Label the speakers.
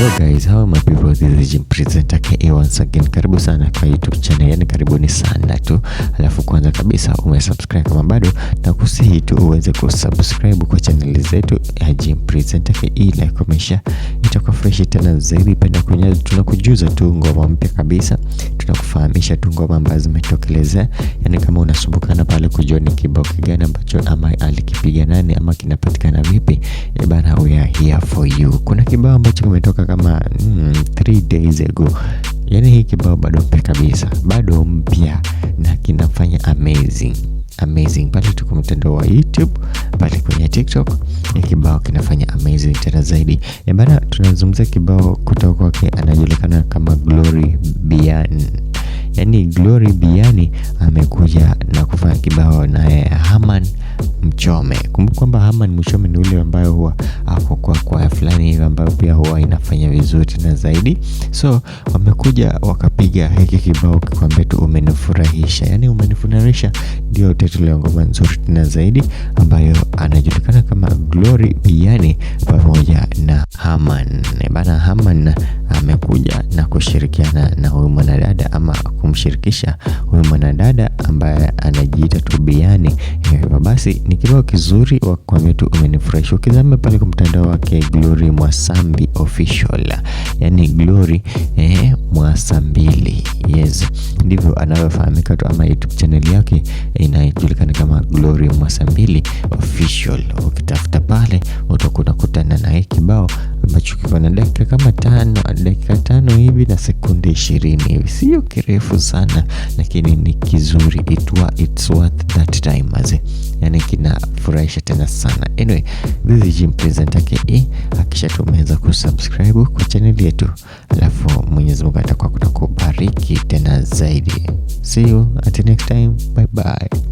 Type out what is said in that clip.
Speaker 1: Hello guys, how my people, this is Jim presenter KA once again. Karibu sana kwa YouTube channel, Yaani karibuni sana tu. Alafu kwanza kabisa umesubscribe kama bado, na kusihi tu uweze kusubscribe kwa channel zetu ya Jim presenter KA, like kumesha itakuwa fresh tena zaidi. Penda kunya tunakujuza tu ngoma mpya kabisa, tunakufahamisha tu ngoma ambazo zimetokelezea. Yaani kama unasumbukana pale kujua ni kibao gani ambacho ama alikipiga nani ama kinapatikana vipi, bana, we are here for you. Kuna kibao ambacho kimetoka kama mm, days ago, yaani hii kibao bado mpya kabisa, bado mpya na kinafanya amazing amazing pale tuko mtandao wa YouTube pale kwenye TikTok ya kibao kinafanya amazing tena zaidi. E bana, tunazungumzia kibao kutoka kwake anajulikana kama Glory Bian, yaani Glory Biani amekuja na kufanya kibao naye Haman Mchome. Kumbuka kwamba Herman Mchome ni yule ambaye huwa hapo kwa kwaya fulani hivi ambayo pia huwa inafanya vizuri tena zaidi, so wamekuja wakapiga hiki kibao kikwambia tu umenifurahisha, yani umenifurahisha ndio title ya ngoma nzuri tena zaidi ambayo anajulikana kama Glory Biani pamoja na Herman bana. Herman amekuja na kushirikiana na huyu mwanadada ama kumshirikisha huyu mwanadada ambaye anajiita Tubiani. Eh, hivyo basi ni kibao kizuri wa Kwametu umenifurahisha. Ukizame pale kwa mtandao wake Glory Mwasambi official, yani Glory eh, Mwasambili yes, ndivyo anavyofahamika tu, ama YouTube channel yake inajulikana kama Glory Mwasambili official. Ukitafuta pale utakuta kutana na kibao ambacho kiko na dakika kama tano dakika tano hivi na sekunde ishirini hivi, sio kirefu sana, lakini ni kizuri. It it's worth that time maze, yani kinafurahisha tena sana. Anyway, this is Jim Presenter KE. Hakisha tumeweza kusubscribe kwa chaneli yetu, alafu Mwenyezi Mungu atakuwa kubariki tena zaidi. See you at next time, bye bye.